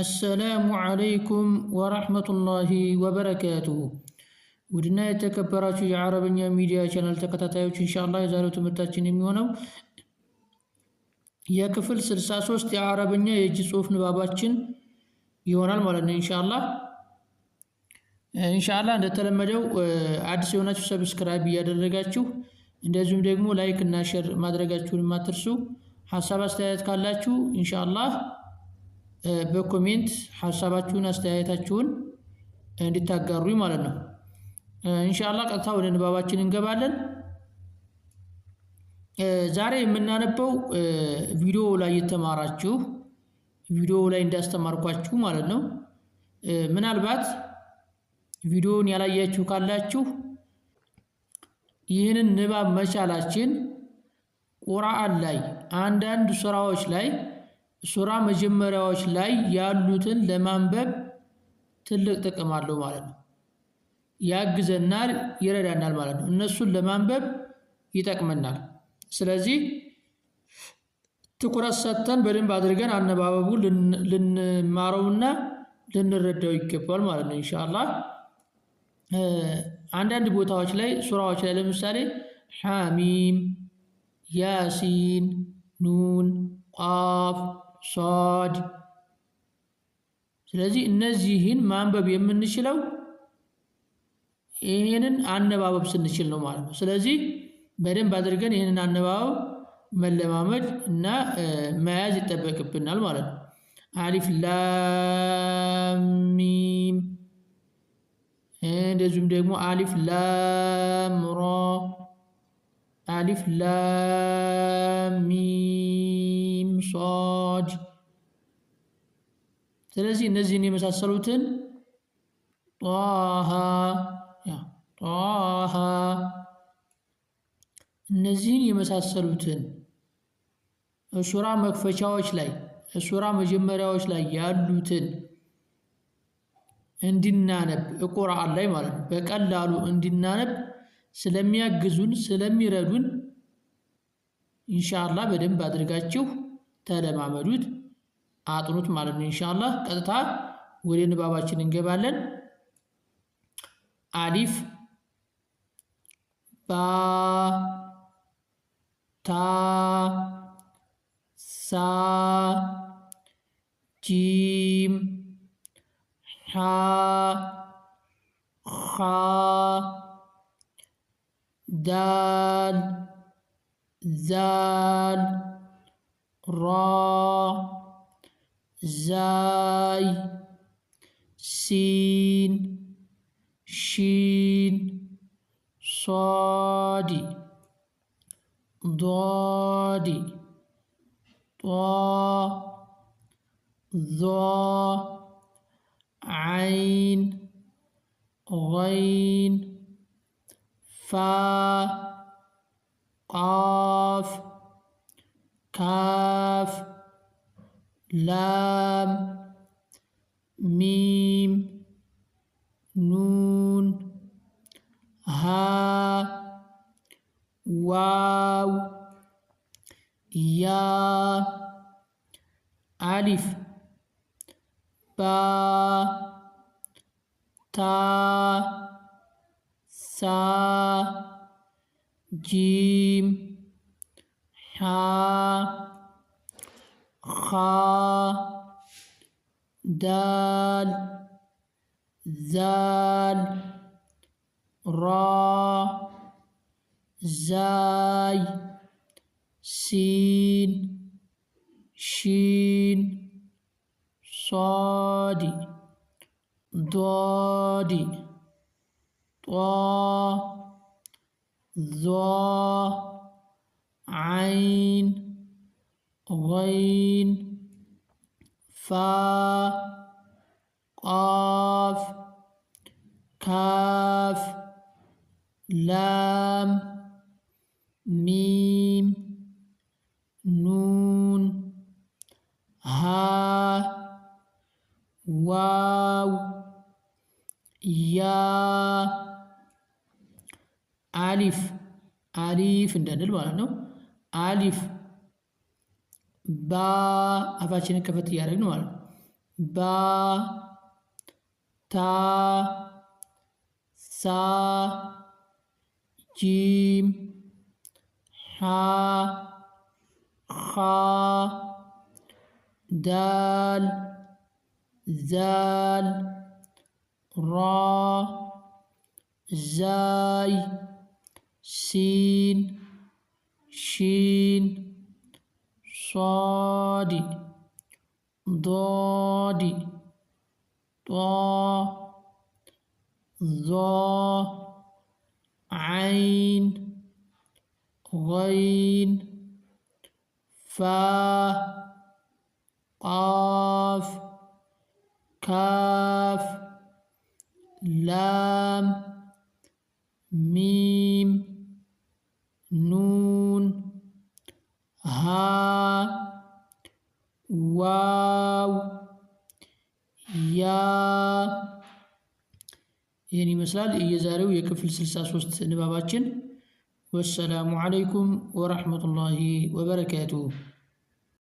አሰላሙ ዓለይኩም ወራህመቱላሂ ወበረካቱ። ውድና የተከበራችሁ የአረበኛ ሚዲያ ቻናል ተከታታዮች እንሻላ የዛሬው ትምህርታችን የሚሆነው የክፍል 63 የአረበኛ የእጅ ጽሁፍ ንባባችን ይሆናል ማለት ነው እንሻላ ኢንሻአላህ እንደተለመደው አዲስ የሆናችሁ ሰብስክራይብ እያደረጋችሁ እንደዚሁም ደግሞ ላይክ እና ሸር ማድረጋችሁን የማትርሱ ሀሳብ አስተያየት ካላችሁ ኢንሻአላህ በኮሜንት ሀሳባችሁን አስተያየታችሁን እንድታጋሩ ማለት ነው። እንሻላ ቀጥታ ወደ ንባባችን እንገባለን። ዛሬ የምናነበው ቪዲዮ ላይ የተማራችሁ ቪዲዮ ላይ እንዳስተማርኳችሁ ማለት ነው። ምናልባት ቪዲዮውን ያላያችሁ ካላችሁ ይህንን ንባብ መቻላችን ቁርአን ላይ አንዳንድ ስራዎች ላይ ሱራ መጀመሪያዎች ላይ ያሉትን ለማንበብ ትልቅ ጥቅም አለው ማለት ነው። ያግዘናል፣ ይረዳናል ማለት ነው። እነሱን ለማንበብ ይጠቅመናል። ስለዚህ ትኩረት ሰጥተን በደንብ አድርገን አነባበቡ ልንማረውና ልንረዳው ይገባል ማለት ነው እንሻላ። አንዳንድ ቦታዎች ላይ ሱራዎች ላይ ለምሳሌ ሐሚም፣ ያሲን፣ ኑን፣ ቋፍ። ሶድ። ስለዚህ እነዚህን ማንበብ የምንችለው ይህንን አነባበብ ስንችል ነው ማለት ነው። ስለዚህ በደንብ አድርገን ይህንን አነባበብ መለማመድ እና መያዝ ይጠበቅብናል ማለት ነው። አሊፍ ላሚም፣ እንደዚሁም ደግሞ አሊፍ ላምሮ፣ አሊፍ ላ ሶድ። ስለዚህ እነዚህን የመሳሰሉትን ጧሃ እነዚህን የመሳሰሉትን እሱራ መክፈቻዎች ላይ እሱራ መጀመሪያዎች ላይ ያሉትን እንዲናነብ ቁርአን ላይ ማለት ነው በቀላሉ እንዲናነብ ስለሚያግዙን ስለሚረዱን ኢንሻአላህ በደንብ አድርጋችሁ ተለማመዱት፣ አጥኑት ማለት ነው። ኢንሻአላህ ቀጥታ ወደ ንባባችን እንገባለን። አሊፍ ባ ታ ሳ ጂም ሓ ኻ ዳል ዛል ራ ዛይ ሲን ሺን ሷዲ ዷዲ ጧ ዟ ዓይን غይን ፋ ቃፍ ካ لام ميم نون ها واو يا ألف با تا سا جيم حا خا دال زال را زاي سين شين صاد ضاد طا ظا عين غين فا قاف كاف لام ميم نون ها واو ያ አሊፍ አሊፍ እንዳንል ማለት ነው። አሊፍ با افاشن كفت يارك نوال با تا سا جيم حا خا دال زال را زاي سين شين صاد ضاد طا ظا عين غين فا قاف كاف لام ميم نون ها واو يا يعني مثلا يزارو يكفل سلساس وست نباباتشن والسلام عليكم ورحمة الله وبركاته